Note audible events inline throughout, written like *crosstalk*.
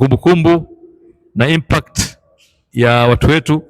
kumbukumbu na impact ya watu wetu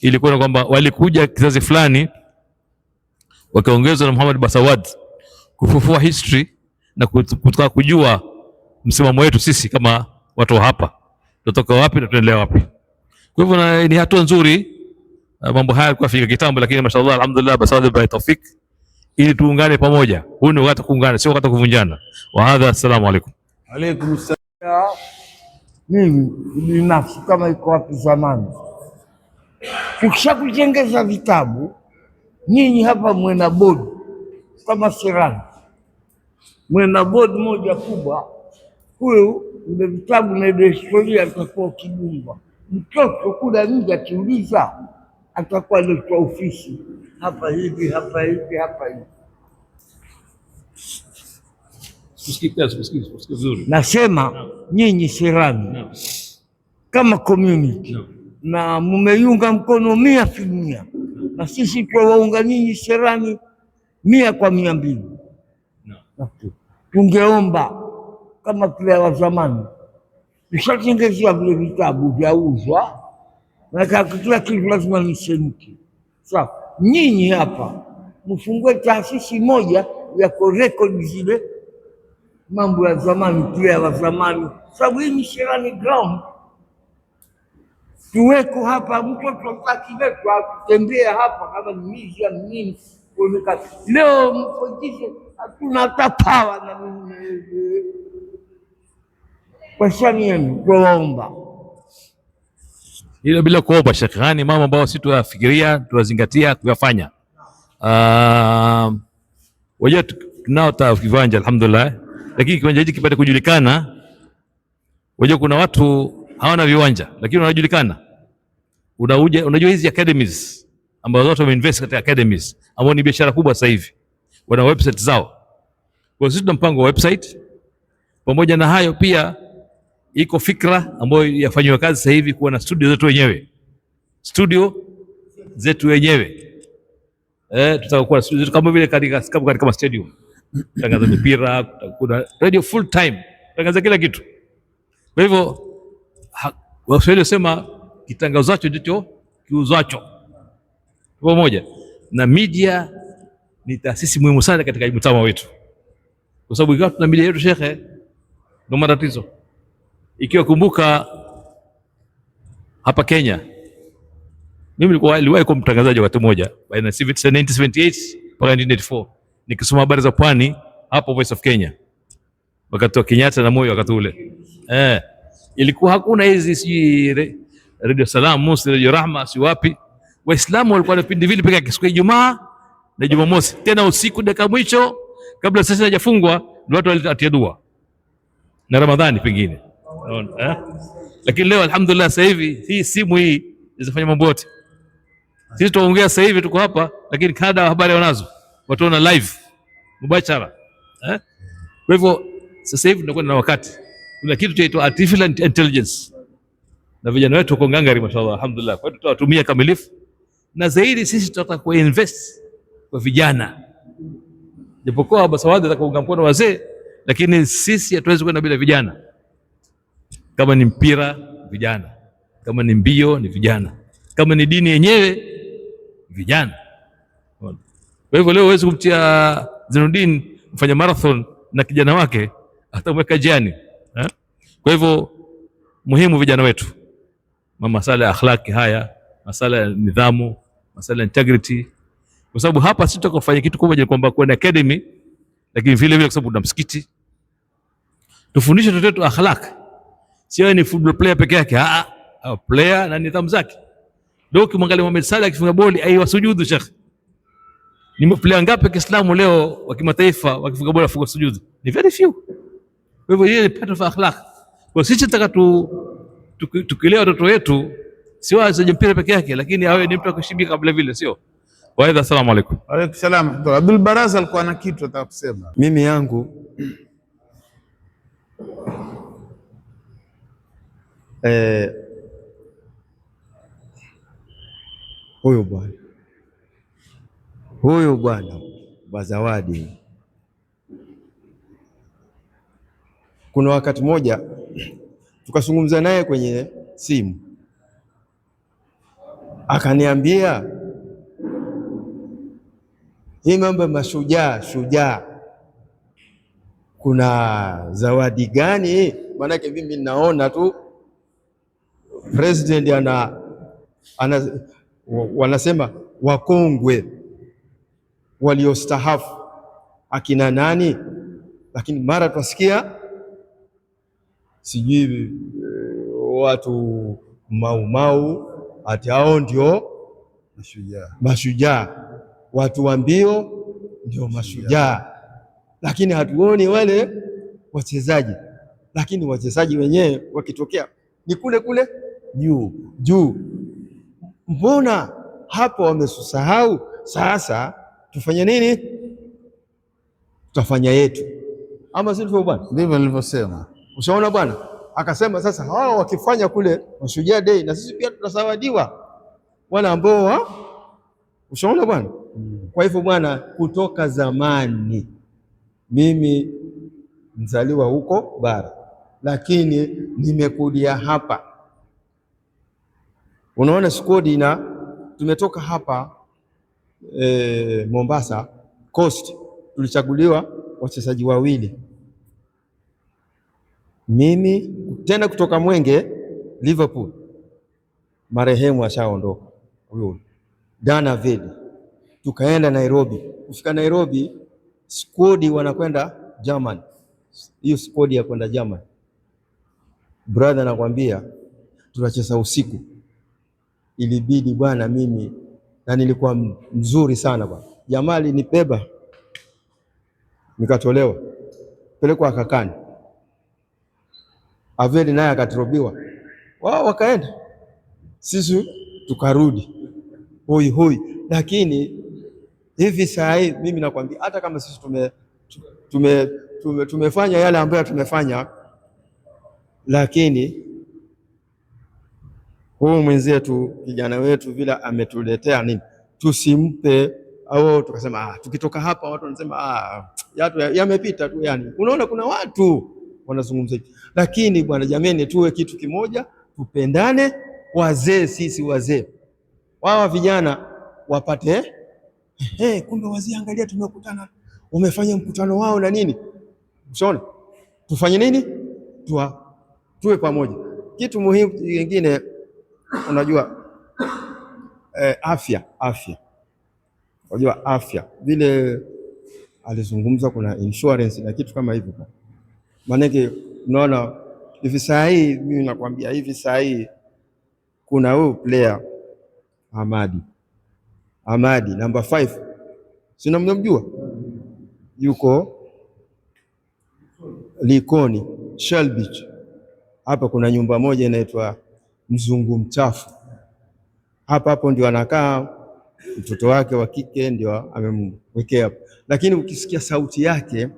ilikuwa kwamba walikuja kizazi fulani wakiongezwa na Muhammad Basawad kufufua history na kutaka kujua msimamo wetu sisi kama watu hapa tutoka wapi na tuendelea wapi. Kwa hivyo ni hatua nzuri, mambo haya yalikuwa fika kitambo, lakini mashallah, alhamdulillah, Basawad bila tawfik, ili tuungane pamoja. Huu ni wakati kuungana, sio wakati kuvunjana. Wa hadha, assalamu alaykum. Alaykum assalam mimi binafsi kama iko wapi zamani, kujengeza vitabu nyinyi hapa mwena bodi kama serani, mwena bodi moja kubwa, huyu ndio vitabu na ile historia atakuwa kigumba. Mtoto kula nje akiuliza, atakuwa leta ofisi hapa hivi hapa hivi hapa hivi Nasema nyinyi Sirani no. kama community no. na mumeiunga mkono mia filmia no. na sisi waunga nyinyi Sirani mia kwa mia mbili no. tungeomba kama kila wa zamani tushatengezea vile vitabu uzwa na kila kitu lazima senti Sawa, nyinyi hapa mfungue taasisi moja ya kurekodi zile mambo ya zamani tu ya zamani, sababu hii ni Sherani ground. Tuweko hapa, mtoto akiletwa akutembea hapa kama nimizia nini kuoneka. Leo mfojishe hatuna hata pawa na shani yenu kuomba ilo bila kuomba Shekh Ghani, mambo ambayo si tuyafikiria tuyazingatia kuyafanya. Uh, ah, wajua tunao ta viwanja alhamdulillah lakini kiwanja hiki kipate kujulikana. Unajua kuna watu hawana viwanja lakini wanajulikana. Unauja, Unajua hizi academies ambazo watu wameinvest katika academies ambao ni biashara kubwa sasa hivi, wana website zao. Kwa sisi tuna mpango wa website. Pamoja na hayo pia iko fikra ambayo yafanywa kazi sasa hivi kuwa na studio zetu wenyewe, studio zetu wenyewe eh, tutakuwa studio zetu kama vile katika kama stadium tangaza mipira, kuna radio full time, tangaza kila kitu. Kwa hivyo Waswahili wasema kitangazacho ndicho kiuzacho. moja na media ni taasisi muhimu sana katika mtama wetu, kwa sababu ikiwa tuna media yetu shekhe, ndo matatizo. Ikiwa kumbuka hapa Kenya, mimi nilikuwa niliwahi kuwa mtangazaji wakati mmoja baina 1978 mpaka 1994 nikisoma habari za pwani hapo Voice of Kenya, wakati wa Kenyatta na Moi, wakati ule eh, ilikuwa hakuna hizi si Radio Salam, Musi, Radio Rahma, si wapi. Waislamu walikuwa na vipindi vile pekee siku ya Ijumaa na Jumamosi, tena usiku dakika mwisho kabla sasa hajafungwa ndio watu walitia dua na Ramadhani pengine eh? Lakini leo alhamdulillah, sasa hivi hii simu hii inafanya mambo yote. Sisi tuongea sasa hivi tuko hapa, lakini kada habari wanazo wataona live mubashara eh? Kwa hivyo sasa hivi tunakuwa na wakati, kuna kitu chaitwa artificial intelligence na vijana wetu wako ngangari, mashallah, alhamdulillah. Kwa hiyo tutawatumia kamilifu, na zaidi sisi tutataka kuinvest kwa vijana, japokuwa za kuunga mkono wazee, lakini sisi hatuwezi kwenda bila vijana. Kama ni mpira, vijana; kama ni mbio, ni vijana; kama ni dini yenyewe, vijana. Kwa hivyo leo huwezi kumtia Zinuddin mfanya marathon na kijana wake hata umeweka jiani. Eh? Kwa hivyo muhimu vijana wetu, masala ya akhlaki haya, masala ya nidhamu, masala ya integrity, kwa sababu hapa sisi tutaka kufanya kitu kubwa, kwamba kuwa na academy, lakini vile vile kwa sababu tuna msikiti, tufundishe watoto wetu akhlaki, sio ni football player peke yake, a player na nidhamu zake. Ndio ukimwangalia Mohamed Salah akifunga boli aiwasujudu shekhi ni player ngapi Kiislamu leo wa kimataifa wakifunga bora fuga sujud? Ni very few. Kwa hivyo ni of akhlaq. Kwa sisi tunataka tu tukilea watoto wetu si aje mpira peke yake, lakini awe ni mtu akushibika kabla vile sio. Wa aidha assalamu alaykum. Wa alaykum salam. Abdul Baraza alikuwa na kitu ataka kusema. Mimi yangu *clears throat* eh, huyo bwana huyu bwana wa zawadi. Kuna wakati mmoja tukazungumza naye kwenye simu, akaniambia hii mambo ya mashujaa shujaa, kuna zawadi gani? Maanake mimi ninaona tu president ana, ana wanasema wakongwe waliostahafu akina nani? Lakini mara tunasikia sijui eh, watu maumau ati hao ndio mashujaa, mashujaa. Watu wa mbio ndio mashujaa, lakini hatuoni wale wachezaji. Lakini wachezaji wenyewe wakitokea ni kule kule juu juu, mbona hapo wamesusahau sasa tufanye nini? Tutafanya yetu, ama sivyo bwana? Ndivyo nilivyosema. Ushaona bwana, akasema sasa hawa wakifanya kule Mashujaa Day na sisi pia tutasawadiwa wala ambao. Ushaona bwana. Mm. Kwa hivyo bwana, kutoka zamani mimi mzaliwa huko bara, lakini nimekulia hapa, unaona skodi na tumetoka hapa e, Mombasa Coast tulichaguliwa wachezaji wawili, mimi tena kutoka Mwenge Liverpool, marehemu ashaondoka huyo Dana Vedi. tukaenda Nairobi. Kufika Nairobi, squad wanakwenda German, hiyo squad ya kwenda German, brother, nakwambia tunacheza usiku, ilibidi bwana mimi na nilikuwa mzuri sana bwana. Jamaa alinibeba nikatolewa, pelekwa akakani Aveli naye akatrobiwa wao wakaenda, sisi tukarudi hoi hoi. Lakini hivi saa hii mimi nakwambia, hata kama sisi tume, tume, tume, tumefanya yale ambayo tumefanya, lakini Huyu mwenzetu kijana wetu vile ametuletea nini, tusimpe au tukasema ah, tukitoka hapa watu wanasema ah, yatu yamepita ya tu. Yani unaona kuna watu wanazungumza hivi, lakini bwana, jameni, tuwe kitu kimoja, tupendane. Wazee sisi wazee, wawa vijana wapate hey, eh, eh, kumbe wazee, angalia, tumekutana umefanya mkutano wao na nini. Ushaona, tufanye nini? Tuwa, tuwe pamoja. Kitu muhimu kingine unajua eh, afya afya, unajua afya vile alizungumza, kuna insurance na kitu kama hivyo, maanake unaona hivi saa hii mimi nakwambia hivi saa hii kuna huyu player Amadi Amadi namba 5 sina mnamjua, yuko Likoni Shelbich hapa, kuna nyumba moja inaitwa mzungu mchafu. Hapa hapo ndio anakaa mtoto wake wa kike ndio amemwekea hapo, lakini ukisikia sauti yake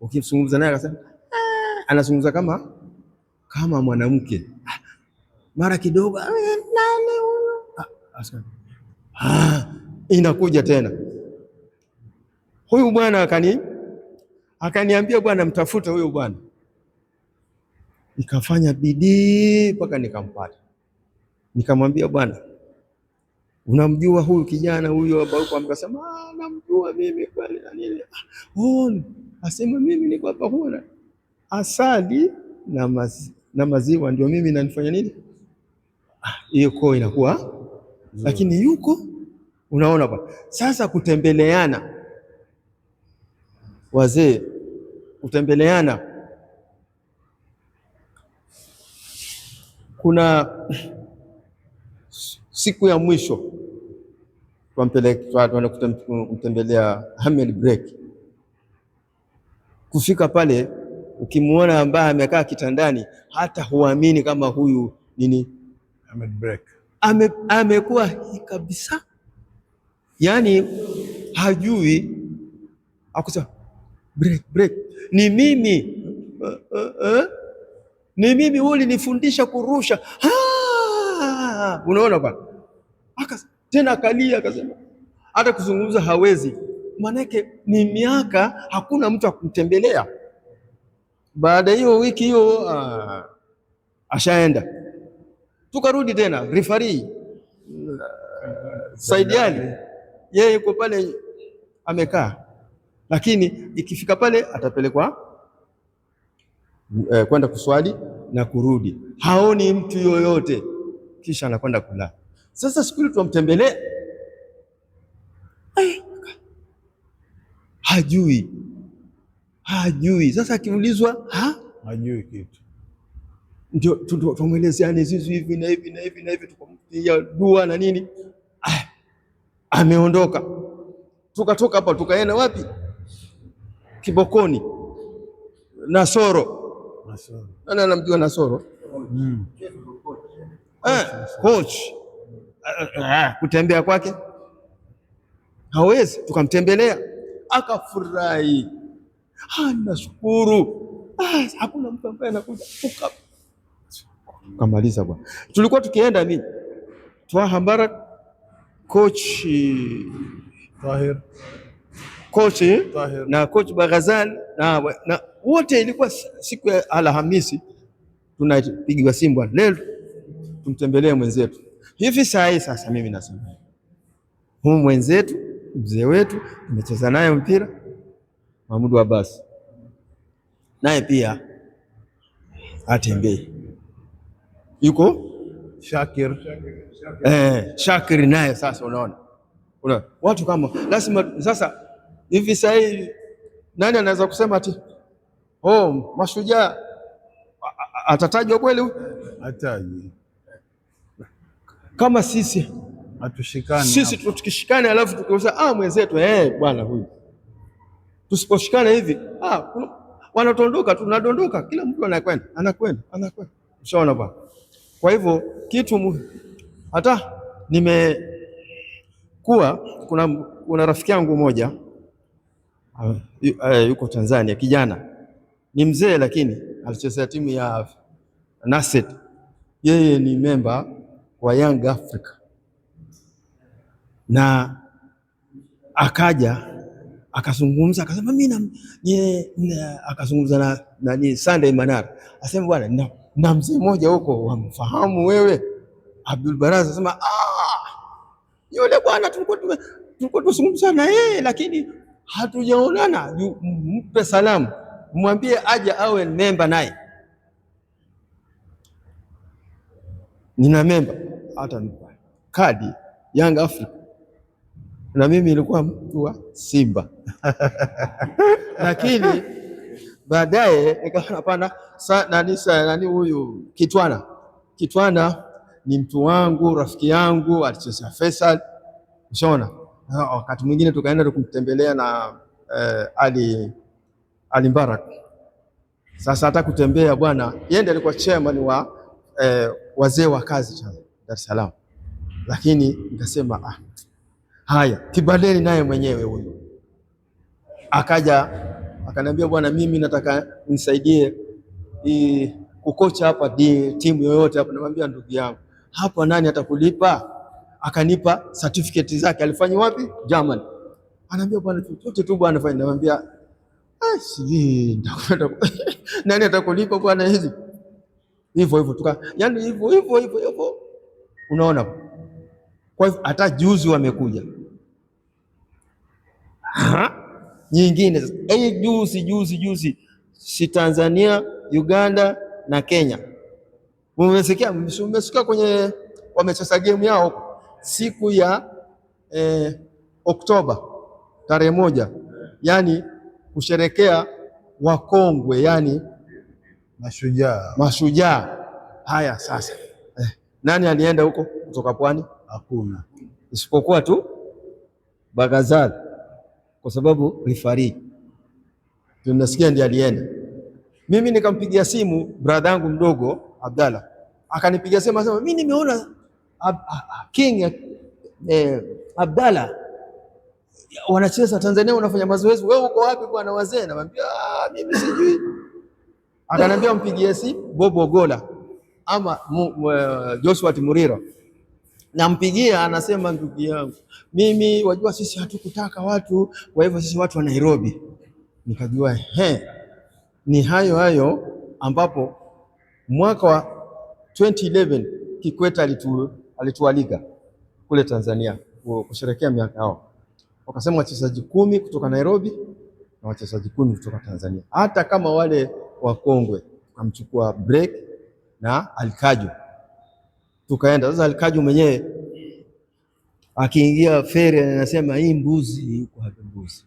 ukizungumza naye akasema, ah, anazungumza kama kama mwanamke, mara kidogo ah, nani huyo, ah, inakuja tena huyu bwana. Akani akaniambia bwana, mtafute huyu bwana nikafanya bidii mpaka nikampata, nikamwambia bwana, unamjua huyu kijana huyu? Akasema ah, namjua mimi kweli na nini. Oh, asema mimi niko hapa, huna asali na maziwa na maziwa ndio mimi nanifanya nini ah, hiyo koo inakuwa mm. Lakini yuko unaona ba. Sasa kutembeleana wazee, kutembeleana kuna siku ya mwisho tunaenda kumtembelea Hamel Break. Kufika pale, ukimwona ambaye amekaa kitandani, hata huamini kama huyu nini Hamel Break ame, amekuwa kabisa, yaani hajui akusema break break, ni mimi uh, uh, uh ni mimi ulinifundisha kurusha. Unaona bwana, tena akalia akasema hata kuzungumza hawezi, maanake ni miaka, hakuna mtu akumtembelea. Baada hiyo wiki hiyo ah, ashaenda. Tukarudi tena rifari saidiali yeye yuko pale amekaa, lakini ikifika pale atapelekwa eh, kwenda kuswali na kurudi, haoni mtu yoyote, kisha anakwenda kulala. Sasa siku ile tumtembelee, eh, hajui hajui. Sasa akiulizwa ha? hajui kitu, ndio tumwelezeane zizi hivi na hivi na hivi na hivi, tukamtia dua na nini, ah, ameondoka. Tukatoka hapa tukaenda wapi? Kibokoni na soro nani anamjua Nasoro? Mm. coach eh, eh, kutembea kwake hawezi, tukamtembelea akafurahi. Ah, nashukuru. Ah, hakuna mtu ambaye anakuja kamaliza bwana. Tulikuwa tukienda mimi Twaha Mbarak, coach Tahir coach eh? na kochi Baghazali na, na wote. Ilikuwa siku ya Alhamisi tunapigiwa simu, bwana, leo tumtembelee mwenzetu hivi saa hii. Sasa mimi nasema huu mwenzetu mzee wetu amecheza naye mpira Mahmud Abbas, naye pia atembee, yuko Shakir, Shakir. Eh, Shakir naye sasa, unaona una, watu kama lazima sasa hivi sasa hivi nani anaweza kusema ati oh, mashujaa atatajwa kweli? Hataji. Kama sisi hatushikane, sisi tukishikane, alafu tukiuza ah, mwenzetu eh, bwana huyu. Tusiposhikana hivi ah, wanatondoka, tunadondoka, kila mtu anakwenda anakwenda anakwenda. Ushaona bwana? Kwa hivyo kitu hata nimekuwa kuna, kuna rafiki yangu moja uh, yuko Tanzania, kijana ni mzee, lakini alichezea timu ya Nasset. Yeye ni memba wa Young Africa na akaja akazungumza akasema mimi akazungumza na, na, Sunday Manara asema bwana na, na mzee mmoja huko wamfahamu wewe Abdul Baraza asema ah, yule bwana tulikuwa tulikuwa tunazungumza na yeye lakini hatujaonana, mpe salamu, mwambie aje awe memba naye. Nina memba hata nipa kadi Young Africa na mimi nilikuwa mtu wa Simba *laughs* lakini baadaye nikaona hapana, nani nani huyu Kitwana, Kitwana ni mtu wangu, rafiki yangu, alicheza Faisal, ushaona Wakati mwingine tukaenda tukutembelea na eh, Ali, Ali Mbarak. Sasa hata kutembea bwana, yeye ndiye alikuwa chairman wa eh, wazee wa kazi Dar es Salaam, lakini nikasema ah, haya Kibaleni naye mwenyewe huyu akaja akaniambia, bwana, mimi nataka nisaidie kukocha hapa di, timu yoyote hapa. Namwambia ndugu yangu, hapa nani atakulipa? akanipa certificate zake. Alifanya wapi? Germany. Anaambia bwana, chochote tu bwana fanya. Naambia ah, sijui *laughs* nani atakulipa bwana, hizi hivyo hivyo tuka, yani hivyo hivyo hivyo hivyo, unaona. Kwa hivyo hata juzi wamekuja nyingine sasa. Hey, juzi juzi juzi, si Tanzania, Uganda na Kenya, mmesikia mmesikia kwenye wamecheza game yao siku ya eh, Oktoba tarehe moja, yani kusherekea wakongwe, yani mashujaa mashujaa. Haya sasa eh, nani alienda huko kutoka pwani? Hakuna, isipokuwa tu bagazal kwa sababu rifari tunasikia ndiye alienda. Mimi nikampigia simu bradha yangu mdogo Abdalla, akanipigia simu, asema mimi nimeona Ah, ah, King eh, eh Abdalla wanacheza Tanzania, unafanya mazoezi wewe, uko wapi bwana wazee? Namwambia ah, mimi sijui. Akanambia mpigie simu Bob Ogola ama eh, Joshua Muriro, nampigia anasema, ndugu yangu mimi, wajua sisi hatukutaka watu, kwa hivyo sisi watu wa Nairobi. Nikajua he, ni hayo hayo ambapo mwaka wa 2011 Kikwete alitu alitualika kule Tanzania kusherekea miaka yao, wakasema wachezaji kumi kutoka Nairobi na wachezaji kumi kutoka Tanzania, hata kama wale wakongwe. Tukamchukua break na Alikaju tukaenda sasa. Alikaju mwenyewe akiingia feri anasema hii mbuzi iko hapa, mbuzi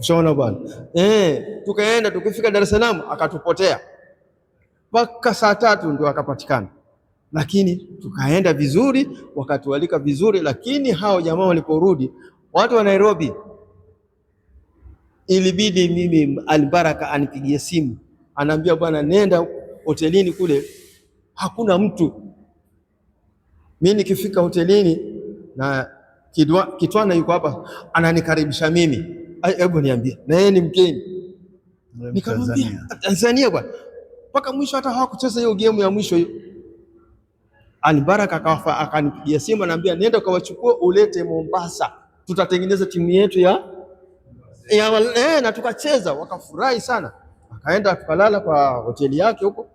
ushaona bwana eh. Tukaenda tukifika Dar es Salaam akatupotea mpaka saa tatu ndio akapatikana lakini tukaenda vizuri, wakatualika vizuri. Lakini hao jamaa waliporudi, watu wa Nairobi, ilibidi mimi Albaraka anipigie simu, anaambia bwana, nenda hotelini kule, hakuna mtu. Mimi nikifika hotelini na Kidwa, Kitwana yuko hapa ananikaribisha mimi, hebu niambie, na yeye ni mgeni. Nikamwambia Tanzania bwana, mpaka mwisho hata hawakucheza hiyo game ya mwisho hiyo Albaraka akanipigia simu anambia, nenda ukawachukua ulete Mombasa, tutatengeneza timu yetu ya, ya eh, na tukacheza wakafurahi sana. Akaenda tukalala kwa hoteli yake huko.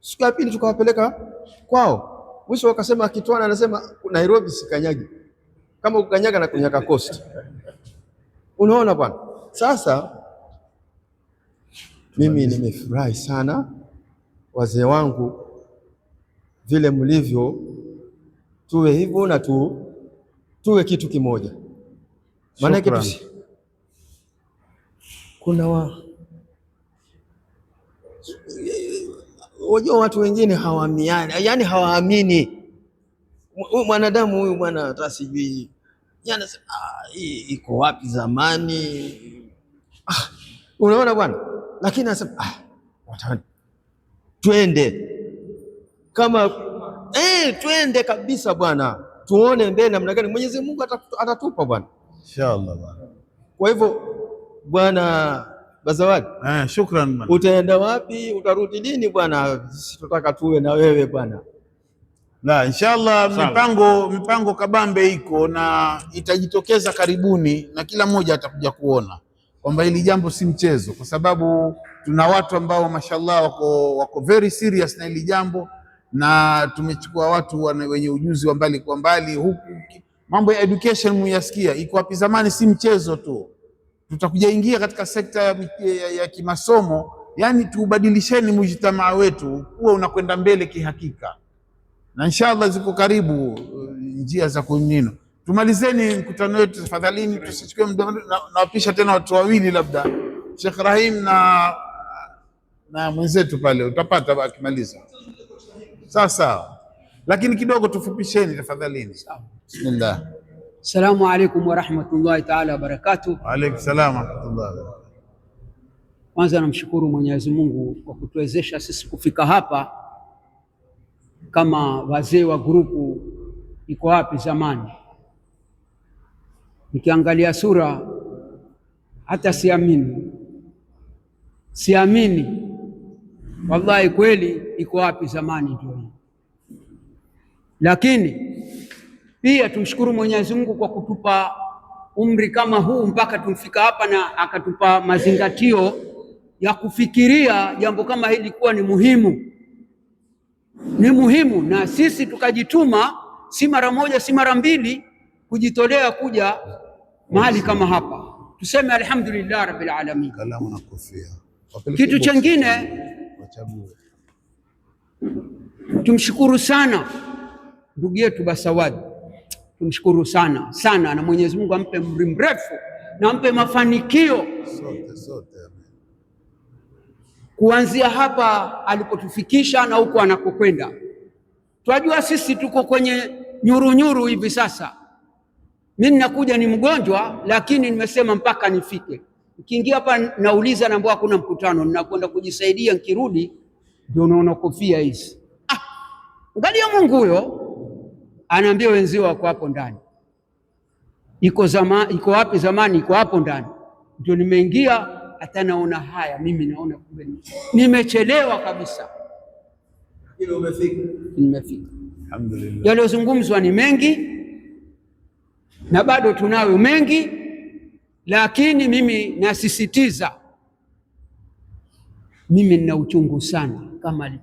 Siku ya pili tukawapeleka kwao, mwisho wakasema, Kitwana anasema Nairobi sikanyagi, kama ukanyaga na kunyaka coast. Unaona bwana, sasa mimi nimefurahi sana, wazee wangu vile mlivyo, tuwe hivyo na tu, tuwe kitu kimoja. Maanake kuna wa wajua watu wengine yaani hawaamini, yani hawaamini mwanadamu huyu bwana, hata sijui jana yaani ah, iko wapi zamani. Ah, unaona bwana, lakini anasema ah, twende kama eh, twende kabisa bwana, tuone mbele namna gani Mwenyezi Mungu atatupa bwana, inshallah bwana. Kwa hivyo bwana Bazawadi, eh, shukran bwana. Utaenda wapi? Utarudi lini bwana? Tutaka tuwe na wewe bwana. La, inshallah mipango mipango kabambe iko na itajitokeza karibuni, na kila mmoja atakuja kuona kwamba hili jambo si mchezo, kwa sababu tuna watu ambao mashallah wako, wako very serious na hili jambo na tumechukua watu wenye ujuzi wa mbali kwa mbali. Huku mambo ya education muyasikia iko wapi? Zamani si mchezo tu, tutakuja ingia katika sekta ya, ya, ya kimasomo. Yani tuubadilisheni mujitamaa wetu huwa unakwenda mbele kihakika, na inshallah ziko karibu uh, njia za kunino. Tumalizeni mkutano wetu tafadhalini, tusichukue muda. Nawapisha tena watu wawili, labda Sheikh Rahim na na mwenzetu pale, utapata akimaliza sawa sawa, lakini kidogo tufupisheni tafadhalini. Bismillah. Assalamu alaykum wa rahmatullahi ta'ala wa barakatuh. Wa alaykum salaam wa rahmatullahi. Kwanza namshukuru Mwenyezi Mungu kwa kutuwezesha sisi kufika hapa kama wazee wa grupu iko wapi zamani. Nikiangalia sura hata siamini, siamini Wallahi, kweli iko wapi zamani tu. Lakini pia tumshukuru Mwenyezi Mungu kwa kutupa umri kama huu mpaka tumfika hapa, na akatupa mazingatio ya kufikiria jambo kama hili kuwa ni muhimu, ni muhimu, na sisi tukajituma, si mara moja, si mara mbili, kujitolea kuja mahali kama hapa, tuseme alhamdulillah rabbil alamin. Kitu chengine wachague. Tumshukuru sana ndugu yetu Basawadi, tumshukuru sana sana, na Mwenyezi Mungu ampe umri mrefu na ampe mafanikio sote, sote. Kuanzia hapa alipotufikisha na huko anakokwenda, twajua sisi tuko kwenye nyurunyuru hivi sasa. Mimi nakuja ni mgonjwa, lakini nimesema mpaka nifike. Ukiingia hapa nauliza, naambiwa hakuna mkutano, ninakwenda kujisaidia, nikirudi ndio unaona kofia hizi. Ah, ngalia Mungu huyo anaambia wenzio wako hapo ndani. Iko zama, iko wapi zamani? Iko hapo ndani, ndio nimeingia, hata naona haya mimi, naona kumbe nimechelewa kabisa, lakini umefika, nimefika. Alhamdulillah, yaliyozungumzwa ni mengi na bado tunayo mengi lakini mimi nasisitiza, mimi nina uchungu sana kama